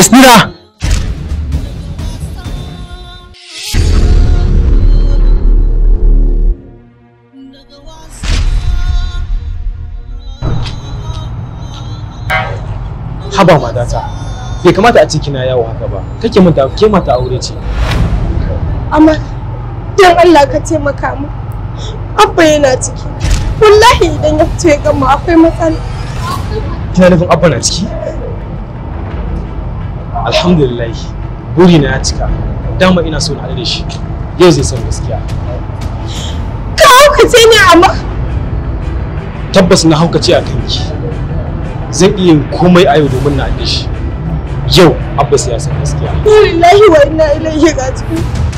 Yasmina! Haba matata, bai kamata a ce kina yawo haka ba, kake mata ke mata aure ce. Amma dan Allah ka taimaka mu. Abba yana ciki. Wallahi idan ya fito ya gama akwai matsala. Kina nufin Abba na ciki? alhamdulillah buri na ya cika dama ina so na haɗu da shi yau zai san gaskiya ka haukace ni amma tabbas na haukace a kanki zan iya komai a yau domin na haɗu da shi yau abbas ya san gaskiya wallahi wa inna ilaihi raji'un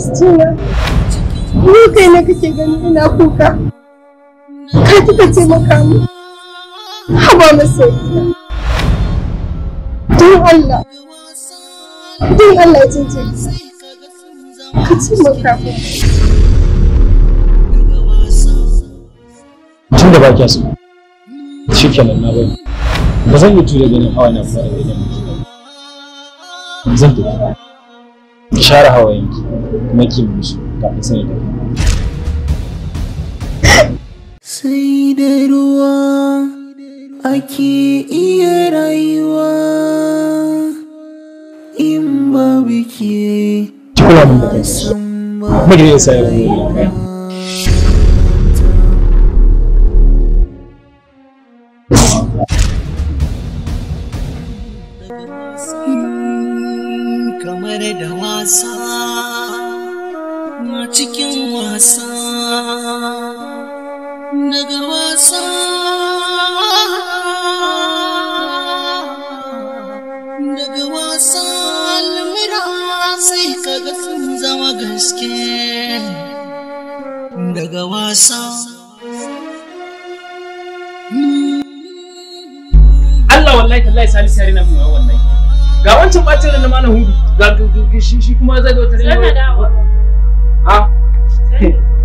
Christina, ni kai na kake gani ina kuka. Ka kika taimaka mu. Haba masoyiya. Don Allah, don Allah ya cancanta. Ka taimaka mu. Tun da ba kya so, shi kenan na bari. Ba zan yi tura ganin hawa na fara ganin mutum. Zan tafi. Ki share hawa hawayenki. kuma ki mishi kafin sai da sai da ruwa ake iya rayuwa in ba biki kira mun da kai mu wallahi salisu yare na mun wallahi ga wancan bacin ran na malam hudu ga shi shi kuma zai ga wata ran ha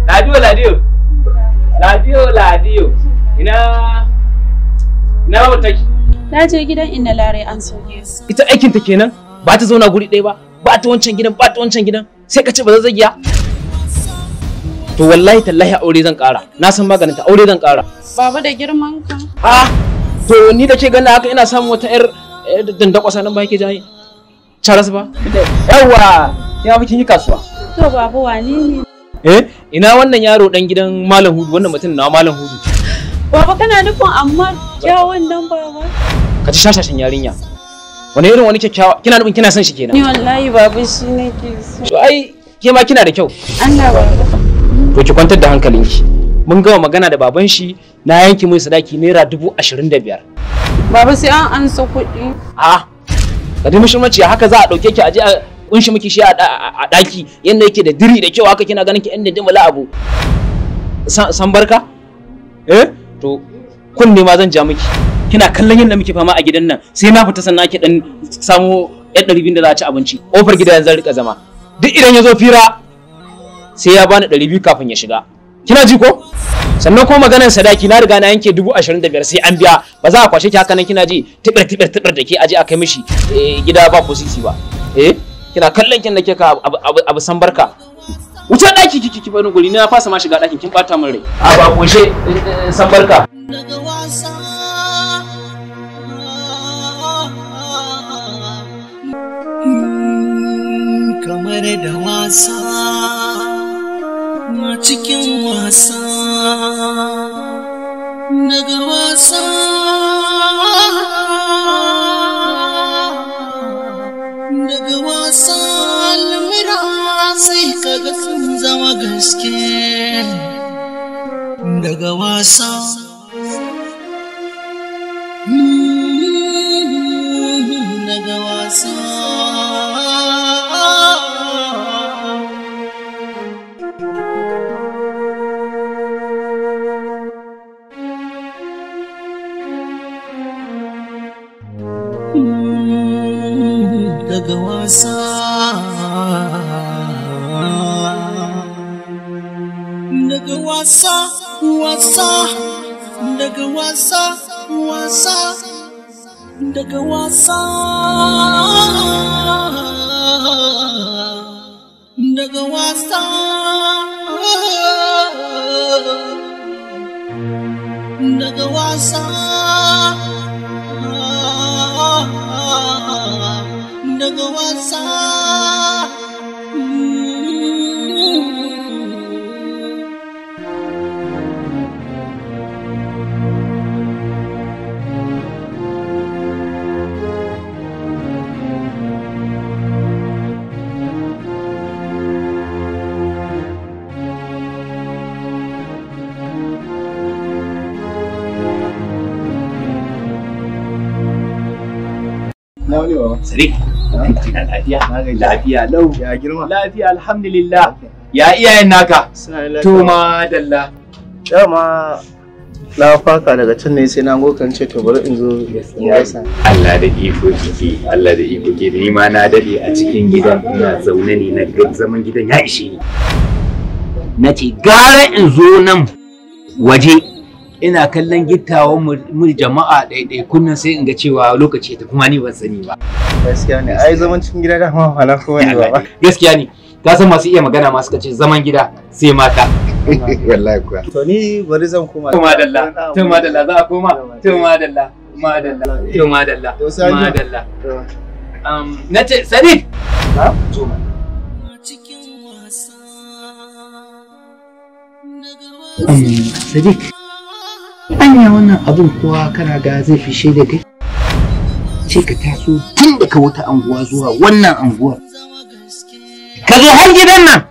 ladiyo ladiyo ladiyo ladiyo ina ina ba take ta je gidan inna lare an so su ita aikin ta kenan ba ta zauna guri ɗaya ba ba ta wancan gidan ba ta wancan gidan sai ka ce ba zazzagiya to wallahi tallahi aure zan ƙara na san maganin ta aure zan ƙara baba da girman ka ah to ni da ke ganin haka ina samun wata yar dandakwasa nan ba yake jaye charles ba yawa ya fi kin yi kasuwa to babu wani ne eh ina wannan yaro dan gidan malam hudu wannan mutum na malam hudu baba kana nufin amma kyawun ba baba ka ci shashashin yarinya wani irin wani kyakkyawa kina nufin kina son shi kenan ni wallahi babu shi ne, ke so to ai ke ma kina da kyau Allah ba to ki kwantar da hankalinki mun gama magana da baban shi na yanki mai sadaki naira dubu ashirin da biyar. Baba sai an ansa kuɗi. A ka dai mace haka za a ɗauke ki a je a kunshi miki shi a ɗaki yadda yake da diri da kyau haka kina ganin ki inda dimala abu. San barka? Eh? To kunne ma zan ja miki. Kina kallon yadda muke fama a gidan nan sai na fita sannan ake ɗan samo yan ɗari biyu da za a ci abinci. Ƙofar gidan zan rika zama. Duk idan ya zo fira sai ya bani ɗari biyu kafin ya shiga. Kina ji ko? sannan kuma maganar sadaki na riga na yanke dubu ashirin da biyar sai an biya ba za a kwashe ki haka nan kina ji tibir tibir tibir da ke aji a kai mishi eh, gida ba ku sisi ba eh kina kallon kin da ke ka abu san barka wuce daki kiki ki bani guri na fasa ma shiga dakin kin bata min rai a ba koshe eh, san barka hmm, kamar da wasa ma cikin wasa ንግወሳ ንግወሳ ልምራሴ ከገጽም ዘማገስኬ ንግወሳ daga wasa daga wasa daga wasa daga wasa Sare. Kina lafiya? Lafiya lau. Ya girma. Lafiya alhamdulillah. Ya iyayen naka. To madalla. Dama na faka daga can ne sai na gokan ce to bari in zo Allah da iko kike Allah da iko ke ni ma na dade a cikin gidan ina zaune ne na zaman gidan ya ishe ni na ce gara in zo nan waje ina kallon gittawan mu jama'a ɗaiɗai kunnan sai in ga cewa lokaci ta kuma ni ban sani ba gaskiya ne ai zaman cikin gida da ma wala ko ne ba gaskiya ne ka san masu iya magana masu kace zaman gida sai mata wallahi kuwa to ni bari zan koma to dalla, to dalla za a koma to ma dalla, to ma madalla um nace sadid na zo mana um, Sadiq. Anya wannan abun kuwa kana ga zai fishe da kai? Ce ka taso tun daga wata anguwa zuwa wannan anguwar. Ka zo har gidan nan!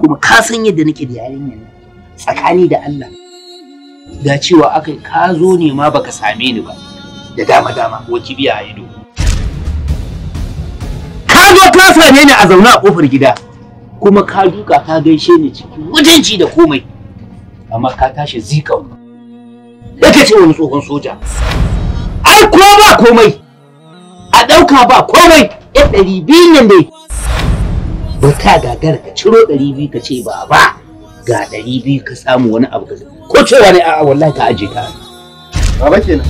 Kuma ka san yadda nake da yarinyar nan tsakani da Allah. Da cewa aka ka zo ne ma baka same ni ba. Da dama-dama wacce biya a ido. Ka zo ka same ni a zaune a ƙofar gida. Kuma ka duka ka gaishe ni cikin mutunci da komai. amma ka tashi zikan yake ce wani tsohon soja ai ko ba komai a ɗauka ba komai ya ɗari biyu nan dai ba ka gagara ka ciro ɗari biyu ka ce ba ba ga ɗari biyu ka samu wani abu ka ko cewa ne a wallahi ka aje ka baba kenan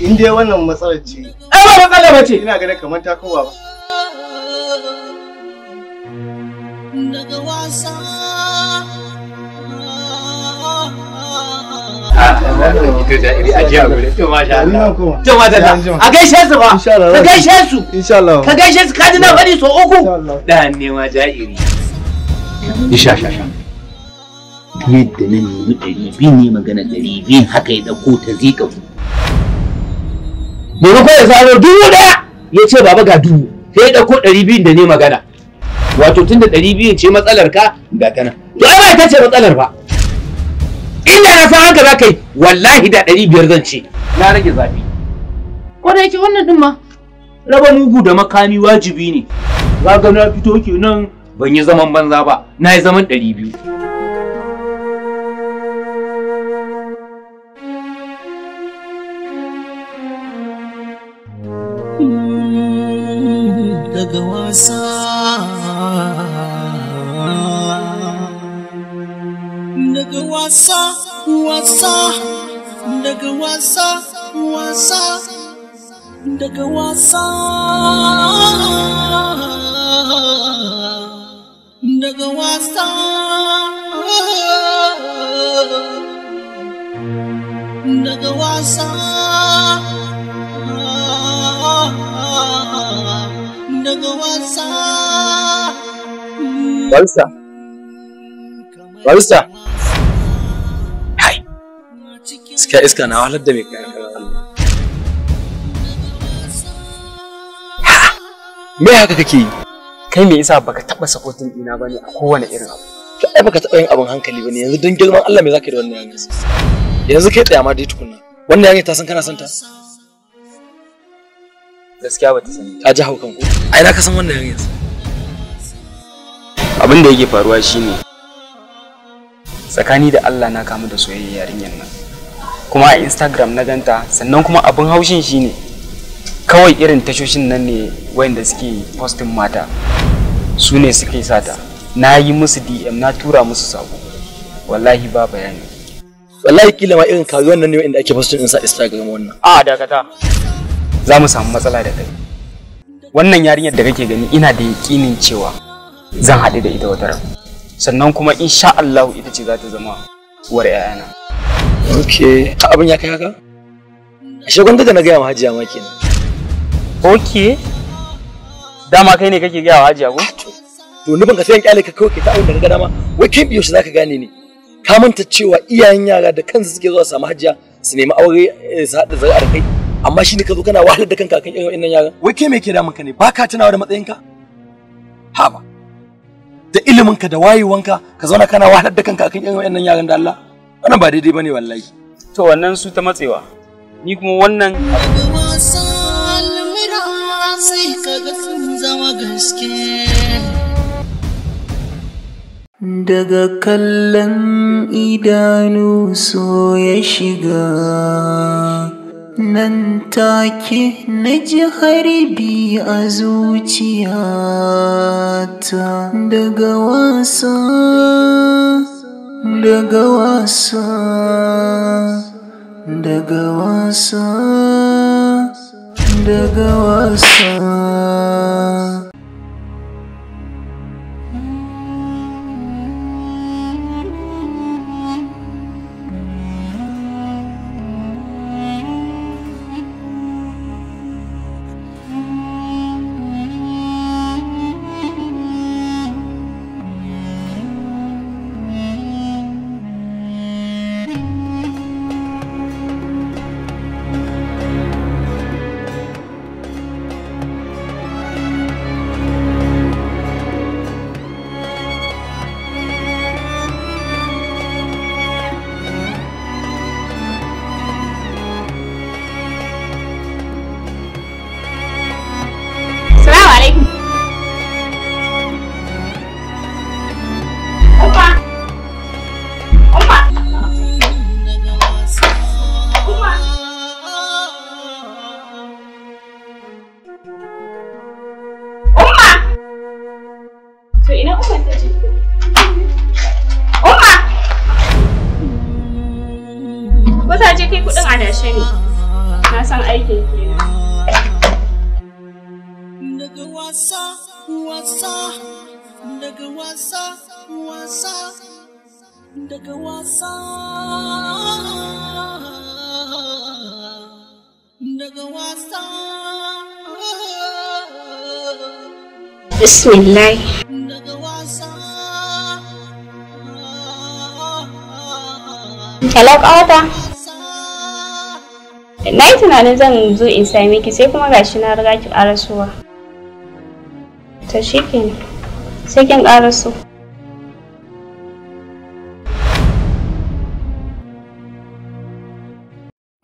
in dai wannan matsalar ce ai ba matsala ba ce ina ganin kamar ta kowa ba daga wasa a gaishe su ba ka gaishe su ka gaishe su ka ji na faɗi so uku da nema ja'iri isha sha sha yadda na nemi ɗari biyu ne magana ɗari biyu haka ya ɗauko ta zika ku maimakon ya samu dubu ɗaya ya ce baba ga dubu sai ya ɗauko ɗari biyun da ne magana wato tunda ɗari biyun ce matsalar ka ga ta kana to ai ba ita ce matsalar ba na san haka za ka yi wallahi da ɗari biyar zan ce na rage zafi ko da yake wannan ɗin ma raba mugu da makami wajibi ne za ga na fito kenan ban yi zaman banza ba na yi zaman ɗari biyu daga wasa wasa wasa daga wasa wasa daga wasa daga wasa daga wasa daga wasa iska iska na wahalar da mai kayan kayan Allah. Me haka kake yi? Kai me yasa baka taɓa sakotin ina ba ne a kowane irin abu? Ai baka taɓa yin abin hankali ba ne yanzu don girman Allah me za ka yi da wannan yarinya? Yanzu kai tsaya ma dai tukunna. Wannan yarinya ta san kana son ta? Gaskiya ba ta san. Ka ji haukan ku. Ai na ka san wannan yarinya. Abin da yake faruwa shine tsakani da Allah na kamu da soyayya yarinyar nan. kuma a instagram na ganta sannan kuma abin haushin shine kawai irin tashoshin nan ne wayanda suke postin mata su ne suke sata na yi musu dm na tura musu sako wallahi ba bayani wallahi kila ma irin kazo nan ne wanda ake postin insa instagram wannan a dakata za mu samu matsala da kai wannan yarinyar da kake gani ina da yakinin cewa zan haɗu da ita wata sannan kuma insha Allah ita ce za ta zama uwar 'ya'yana ok abin ya kai haka ashe gwanda da na gaya wa hajiya ma kenan ok dama kai ne kake gaya wa hajiya ko to ni ban ka sayan kyale ka kawai ke ta aure da dama wai kin biyo shi zaka gane ni? ka manta cewa iyayen yara da kansu suke zuwa samu hajiya su nemi aure eh, su haɗa zari'a da kai amma shi ne ka zo kana wahalar da kanka kan irin wannan yaran wai kai me ke damun ka ne baka tunawa da matsayinka haba da iliminka da wayewanka ka zauna kana wahalar da kanka kan irin wannan yaran da Allah wannan ba daidai bane wallahi to wannan su ta matsewa ni kuma wannan gaske daga kallon idanu so ya shiga nan take na ji harbi a zuciyata daga wasan. daga wasa daga wasa daga wasa wasa wasa daga wasa daga wasa bismillah daga wasa hello kawata na yi tunanin zan zo in sami ki sai kuma gashi na riga ki ƙarasuwa ta shi kenan sai kin ƙara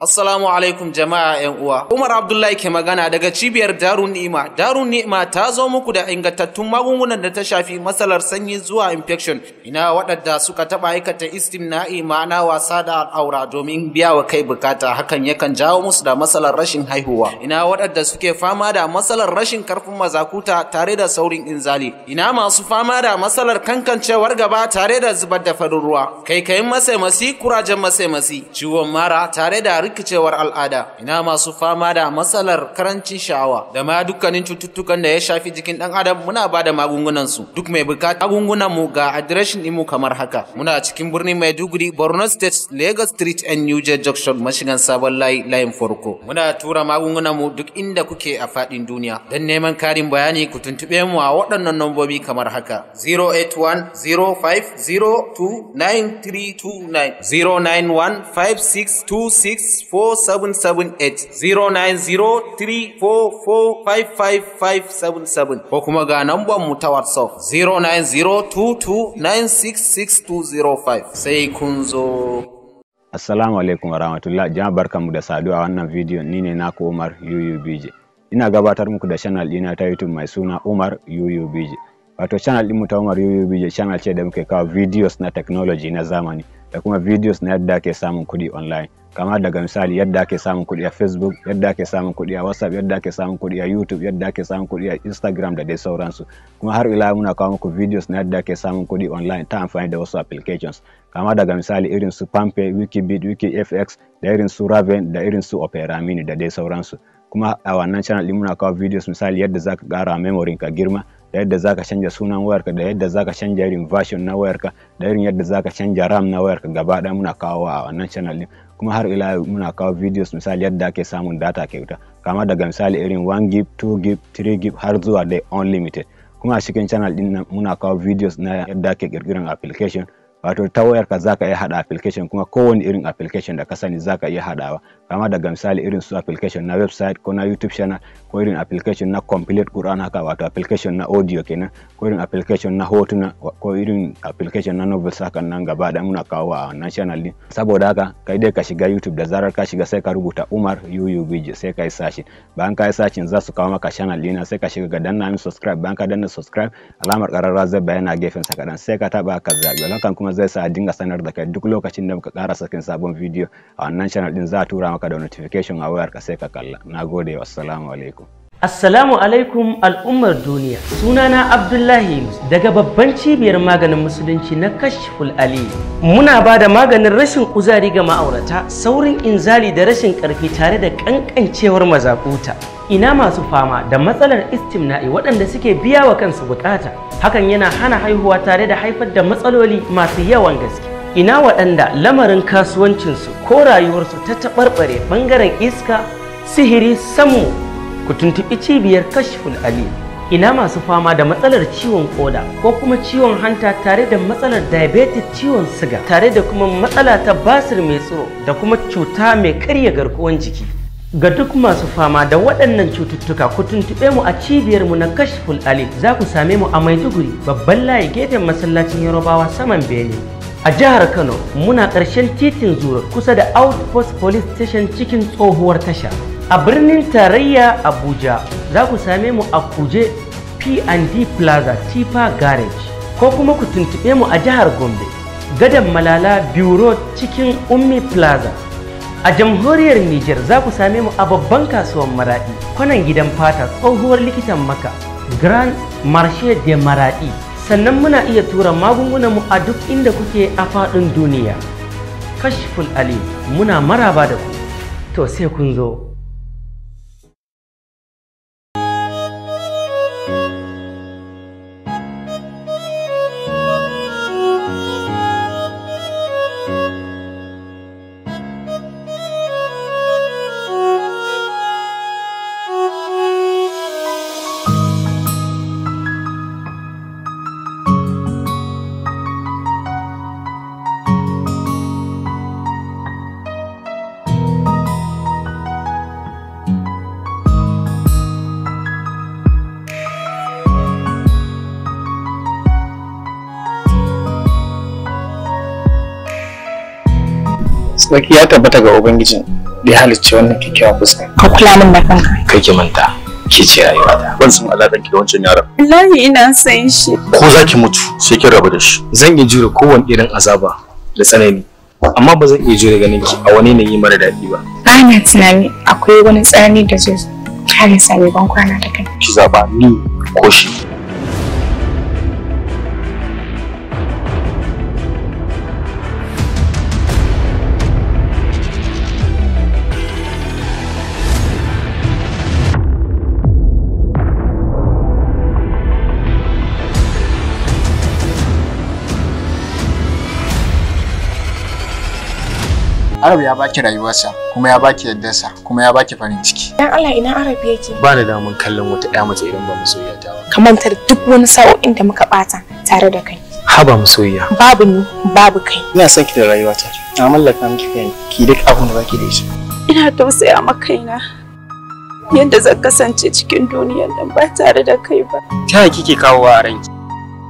Assalamu alaikum jama'a 'yan uwa. Umar Abdullahi ke magana daga cibiyar Darun Ni'ima. Darun Ni'ima ta zo muku da ingantattun magungunan da ta shafi matsalar sanyi zuwa infection. Ina waɗanda suka taɓa aikata istimna'i ma'ana wasa da al'aura domin biya wa kai bukata hakan yakan jawo musu da matsalar rashin haihuwa. Ina waɗanda suke fama da matsalar rashin karfin mazakuta tare da saurin inzali. Ina masu fama da matsalar kankancewar gaba tare da zubar da farin ruwa. Kai masai masi kurajen masai masi. Ciwon mara tare da rikicewar al'ada ina masu fama da matsalar karancin sha'awa da ma dukkanin cututtukan da ya shafi jikin dan adam muna ba da magungunan su duk mai bukata magungunan mu ga adireshin imu kamar haka muna cikin birnin Maiduguri Borno State Lagos Street and New Jersey Junction mashigan sabon layi layin farko muna tura magungunan mu duk inda kuke a fadin duniya dan neman karin bayani ku tuntube mu a waɗannan nambobi kamar haka 081 050 091 5626 0903445577 ko kuma ga namban mu ta WhatsApp 090229660205 sai kun zo Assalamu alaikum warahmatullahi jama'a barkanmu da saduwa wannan bidiyo ni ne naku Umar UUBJ ina gabatar muku da channel ɗina ta YouTube mai suna Umar UUBJ wato channel mu ta Umar UUBJ channel ce da muke kawo videos na technology na zamani da kuma videos na yadda ake samun kuɗi online kama daga misali yadda ake samun kuɗi a facebook yadda ake samun kuɗi a whatsapp yadda ake samun kuɗi a youtube yadda ake samun kuɗi a instagram da dai sauransu kuma har ila muna kawo muku videos na yadda ake samun kuɗi online ta amfani da wasu applications kama daga misali irin su pampe wikibit wikifx da irin su raven da irin su opera mini da dai sauransu kuma a wannan channel din muna kawo videos misali yadda zaka kara memory ka girma da yadda zaka canja sunan wayarka da yadda zaka canja irin version na wayarka da irin yadda zaka canja ram na wayarka gaba ɗaya muna kawo a wannan channel din kuma har ila muna kawo videos misali yadda ake samun data kyauta kama daga misali irin 1 gig 2 gig 3 gig har zuwa dai unlimited kuma a cikin channel din nan muna kawo videos na yadda ake kirkiran application wato ta wayarka zaka iya hada application kuma kowane irin application da ka sani zaka iya hadawa kama daga misali irin su application na website ko na youtube channel ko irin application na complete quran haka wato application na audio kenan ko irin application na hotuna ko irin application na novels haka nan gaba da muna kawo a wannan channel din saboda haka kai dai ka shiga youtube da zarar ka shiga sai ka rubuta umar yuyu bije sai ka yi sashi bayan ka yi sashin za su kawo maka channel din sai ka shiga ga danna mi subscribe bayan ka danna subscribe alamar kararra zai bayyana gefen sa kadan sai ka taba ka zabi wannan kan kuma zai sa a dinga sanar da kai duk lokacin da muka kara sakin sabon video a wannan channel din za a tura maka baka da notification a wayarka sai ka kalla nagode assalamu alaikum Assalamu alaikum al'ummar duniya sunana Abdullahi daga babban cibiyar maganin musulunci na Kashful Ali muna ba da maganin rashin kuzari ga ma'aurata saurin inzali da rashin karfi tare da kankancewar mazakuta ina masu fama da matsalar istimna'i waɗanda suke biya wa kansu bukata hakan yana hana haihuwa tare da haifar da matsaloli masu yawan gaske ina waɗanda lamarin kasuwancinsu ko rayuwarsu ta taɓarɓare ɓangaren iska sihiri samu, ku tuntuɓi cibiyar kashful ali ina masu fama da matsalar ciwon koda ko kuma ciwon hanta tare da matsalar diabetic ciwon siga tare da kuma matsala ta basir mai tsoro da kuma cuta mai karya garkuwan jiki ga duk masu fama da waɗannan cututtuka ku tuntuɓe mu a cibiyarmu na kashful ali za ku same mu a maiduguri babban layi gefen masallacin yarobawa saman bene a jihar kano muna ƙarshen titin zura kusa da outpost police station cikin tsohuwar tasha a birnin tarayya abuja za ku same mu a kuje p&d plaza tifa garage ko kuma ku tuntube mu a jihar gombe gadon malala bureau cikin ummi plaza a jamhuriyar Nijar za ku same mu a babban kasuwar maraɗi kwanan gidan fata tsohuwar likitan maka grand marché de maraɗi sannan muna iya tura magungunan mu a duk inda kuke a faɗin duniya kashful ali muna maraba da ku to sai kun zo tsaki ya tabbata ga ubangijin da ya halicci wannan kyakkyawan fuska ka kula min da kanka kai ki manta ki ce ta ban san alaƙar ki da wancan yaron wallahi ina san shi ko za ki mutu sai ki rabu da shi zan iya jure kowanne irin azaba da tsanani amma ba zan iya jure ganin ki a wani yi mara dadi ba ana tunani akwai wani tsani da zai kare sami ban kwana da kai ki zaba ni ko shi Arab ya baki rayuwarsa kuma ya baki yaddarsa kuma ya baki farin ciki. Dan Allah ina Arab yake. Ba ni damun kallon wata ɗaya mace idan ba masoyiya ta ba. Ka mantar duk wani sa'o'in da muka bata tare da kai. Haba masoyiya. Babu ni babu kai. Ina son ki da rayuwata. Na mallaka miki kai ki duk abin da baki da shi. Ina tausaya ma kaina. Yanda zan kasance cikin duniyar nan ba tare da kai ba. Ta kike kawowa a ranki?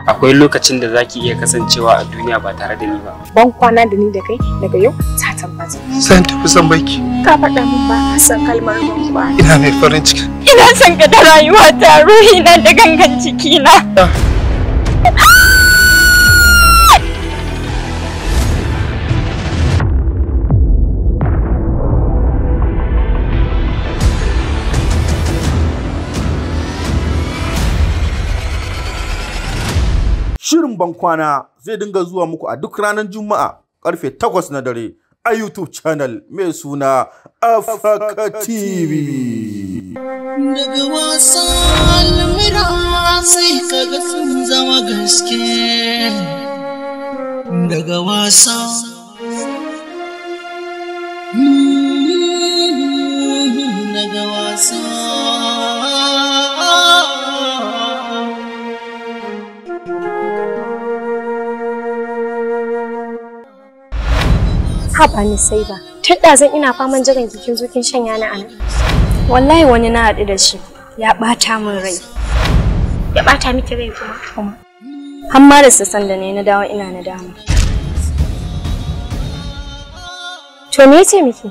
akwai lokacin da zaki iya kasancewa a duniya ba tare da ni ba. Ban kwana da ni da kai daga yau ta tabbata. ta tafi san baki. Ka faɗa min ba ka san kalmar ban ba. Ina mai farin ciki. Ina son ka da rayuwa ta ruhi na da gangan ciki na. Ah. Shirin bankwana zai dinga zuwa muku a duk ranar Juma'a karfe 8 na dare a YouTube channel mai suna Afaka TV. Daga wasa sun zama gaske. Daga daga Haba ni sai ba. Tun zan ina faman jiran jikin zukin shanya na anan. Wallahi wani na haɗu da shi ya ɓata min rai. Ya ɓata miki rai kuma? Kuma. ma da san da ne na dawo ina na dama. To me ce miki?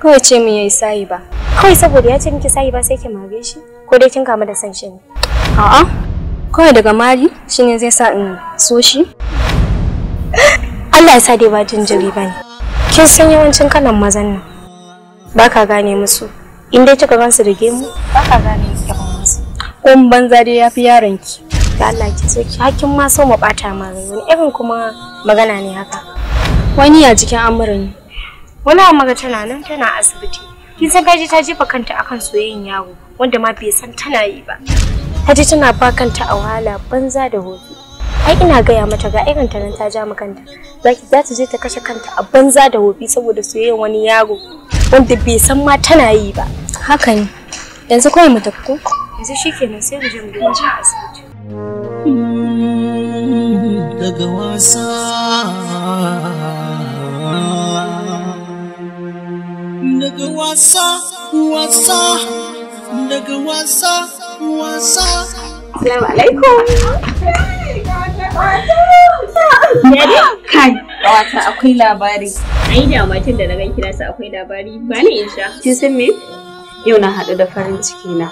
Kawai ce mu yayi sayi ba. Kawai saboda ya ce miki sayi ba sai ki mare shi? Ko dai kin kamu da san shi ne? A'a. Kawai daga mari shine zai sa in so shi. Allah ya sa dai ba jinjiri bane. kin san yawancin kanan mazan nan ba ka gane musu in dai kika gansu da gemu ba ka gane musu kun banza dai yafi yaron ki da Allah ki so ki hakin ma so mu bata ma wani irin kuma magana ne haka wani ya jikin amuran ne wani amma tana nan tana asibiti kin san kaji ta jefa kanta akan soyayyen yawo wanda ma bai san tana yi ba ta tana ba kanta a wahala banza da hoto ai ina gaya mata ga irin ta nan ta ja mu kanta zaki za ta je ta kashe kanta a banza da wofi saboda soyayyen wani yaro wanda bai san ma tana yi ba haka ne yanzu kawai mu tafi ko yanzu shikenan sai mu je mu ga asibiti daga wasa daga wasa wasa daga wasa wasa Assalamu alaikum. Kai. Wata akwai labari. Ai da matin da na gan kira sa akwai labari ba ni in sha. Kin san me? Yau na haɗu da farin ciki na.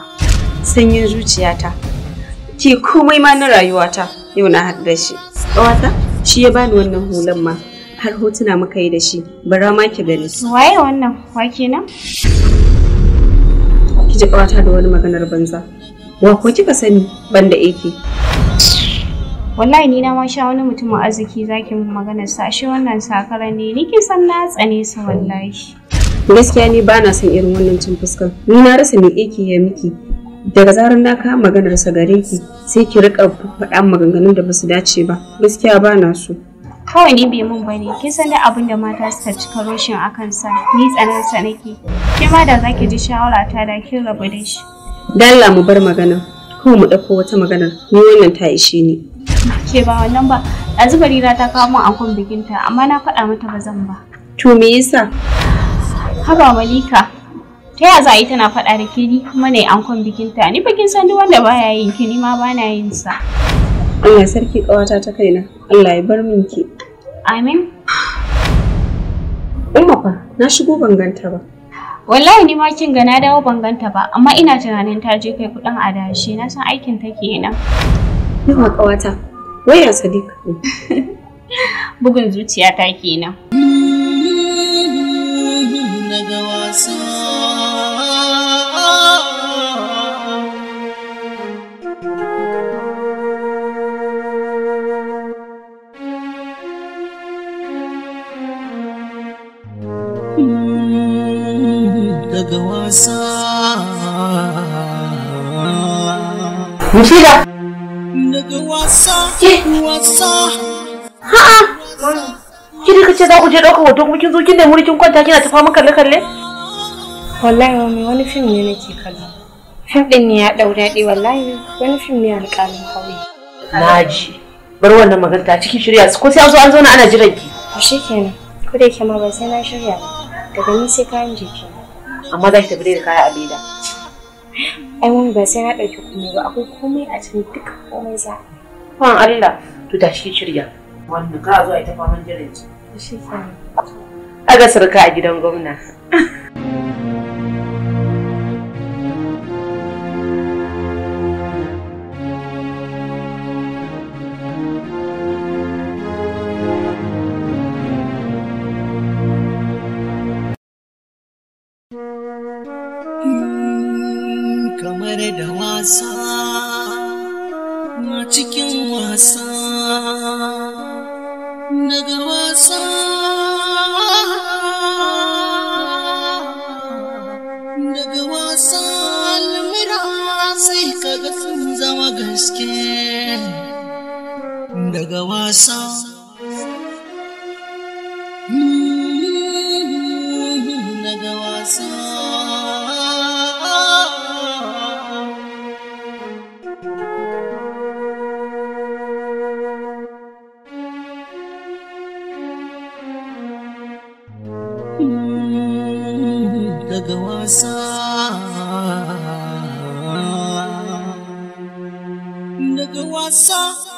Sanyin zuciyata. Ke komai ma na rayuwata. Yau na haɗu da shi. Kawata shi ya bani wannan hulan ma. Har hotuna muka yi da shi. Bara ma ki gani. Waye wannan? Wa kenan? Ki ji ƙawata da wani maganar banza. Wa ko kika sani banda ake? wallahi ni na ma sha wani mutumin arziki zaki mun magana sa shi wannan sakaran ne nike san na tsane sa wallahi gaskiya ni ba na son irin wannan cin fuskar ni na rasa me yake ya miki daga zarar na ka maganar sa gare ki sai ki rika faɗa maganganun da basu dace ba gaskiya ba na so kawai ni bai mun bane kin san da abin da mata suka cika roshin akan sa ni tsanan sa nake ke ma da zaki ji shawara ta da kin rabu da shi dalla mu bar magana ko mu ɗauko wata magana ni wannan ta ishe ni ke ba wannan ba yanzu barira ta kawo min ankon bikinta amma na faɗa mata ba zan ba to me yasa haba malika ta ya za a yi tana faɗa da ke ni kuma ne ankon bikinta ni bakin san duk wanda baya yin ki ni ma na yin sa Allah sarki kawata ta kaina Allah ya bar min ki amin umma fa na shigo banganta ba wallahi ni ma kin ga na dawo banganta ba amma ina tunanin ta je kai kudin adashi na san aikin ta kenan yawa kawata Waya Sadiq Bugun zuciya ta kenan. Daga wasa. Daga wasa. wasa ka ce za ku je ɗaukar hoton kuma kin zo kin da muri kwanta kina ta fama kalle kalle wallahi mami wani fim ne nake kallo fim din ne ya dau daɗi wallahi wani fim ne alƙalin kauye naji bar wannan magana ta cikin shirya su, ko sai an zo an zauna ana jiran ki to shikenan ko da yake ma ba sai na shirya ba daga ni sai kayan jiki amma za ki tafi da kaya a leda ai mami ba sai na ɗauki komai ba akwai komai a cikin duka komai za a ikon Allah to tashi ki shirya wannan ka zo ai ta faman jiran ci shi A aga sarka a gidan gwamna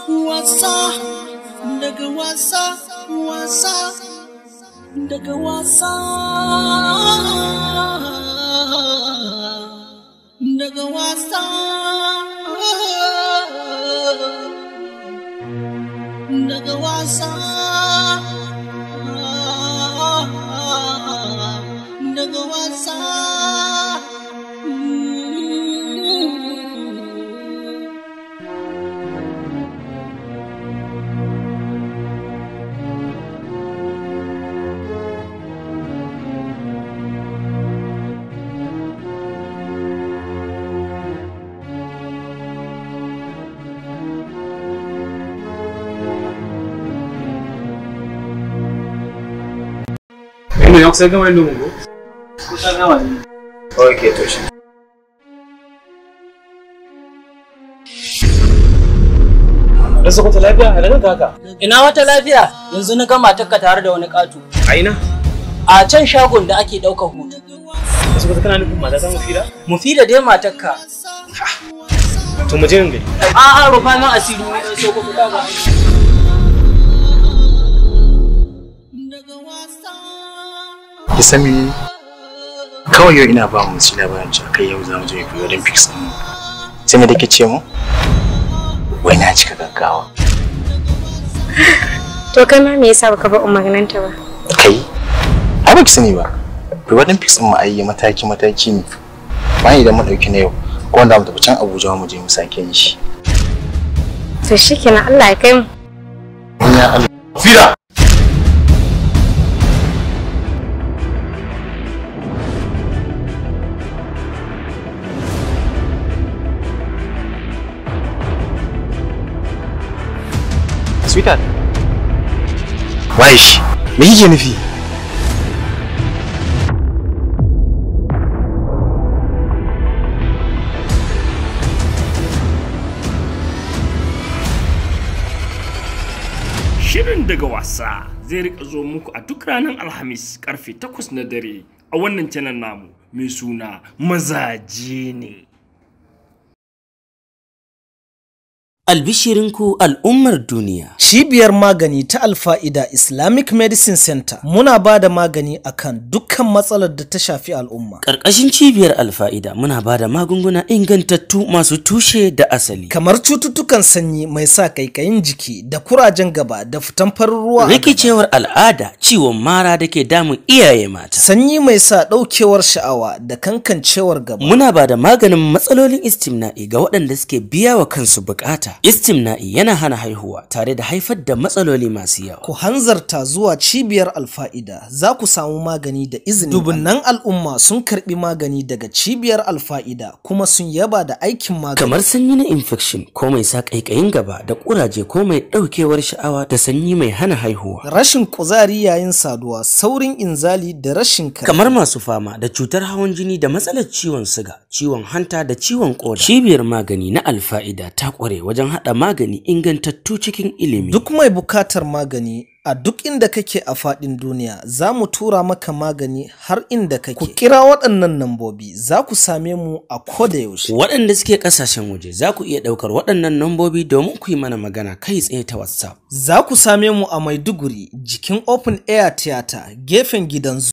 wasa daga wasa wasa daga wasa daga wasa daga wasa daga wasa Mungu, kusaidia Mungu. Kushagawa nini? Okay, tosha. Rasa wata lafiya a daga haka. Ina wata lafiya yanzu na gama takka tare da wani ƙato. A ina? A can shagon da ake ɗaukar hutu. Rasa wata kana nufin mata ta mufida? Mufida dai matakka. To mu je in gari. A'a rufa nan asiri so ku fita ba. ki sami kawai yau ina ba mu mace labarin cewa kai yau za mu je ku wajen fix din sai me dake ce mu wai na cika gaggawa to kai ma me yasa baka ba umarninta ba kai ai ki sani ba ku wajen fix din mu ai mataki mataki ne Ba ni da mun dauki na yau ko wanda mu tafi can Abuja mu je mu sake yin shi to shikenan Allah ya kai mu ya Allah fira Sweetheart. Wai shi, me yake nufi? Shirin daga wasa zai rika zo muku a duk ranar Alhamis karfe 8 na dare a wannan canan namu mai suna mazaje ne. Albishirinku al'ummar duniya. Cibiyar magani ta Alfa'ida Islamic Medicine Center muna ba da magani akan dukkan matsalar da ta shafi al'umma. Ƙarƙashin cibiyar Alfa'ida muna ba da magunguna ingantattu masu tushe da asali. Kamar cututtukan sanyi mai sa kaikayin jiki da kurajen gaba da fitan farin ruwa. Rikicewar al'ada ciwon mara da ke damun iyaye mata. Sanyi mai sa ɗaukewar sha'awa da kankancewar gaba. Muna ba da maganin matsalolin istimna'i ga waɗanda suke biya wa kansu buƙata. al'ada istimna'i yana hana haihuwa tare da haifar da matsaloli masu yawa ku hanzarta zuwa cibiyar alfa'ida za ku samu magani da izini dubunnan al'umma sun karbi magani daga cibiyar alfa'ida kuma sun yaba da aikin magani kamar sanyi na infection ko mai sa kaikayin gaba da kuraje ko mai daukewar sha'awa da sanyi mai hana haihuwa rashin kuzari yayin saduwa saurin inzali da rashin kamar masu fama da cutar hawan jini da matsalar ciwon suga. ciwon hanta da ciwon koda. Cibiyar magani na alfa'ida ta kware wajen haɗa magani ingantattu cikin ilimi. Duk mai bukatar magani a duk inda kake a faɗin duniya za mu tura maka magani har inda kake. Ku kira waɗannan nambobi za ku same mu a koda yaushe. Waɗanda suke ƙasashen waje za ku iya ɗaukar waɗannan nambobi domin ku yi mana magana kai tsaye ta WhatsApp. Za ku same mu a Maiduguri jikin Open Air Theater gefen gidan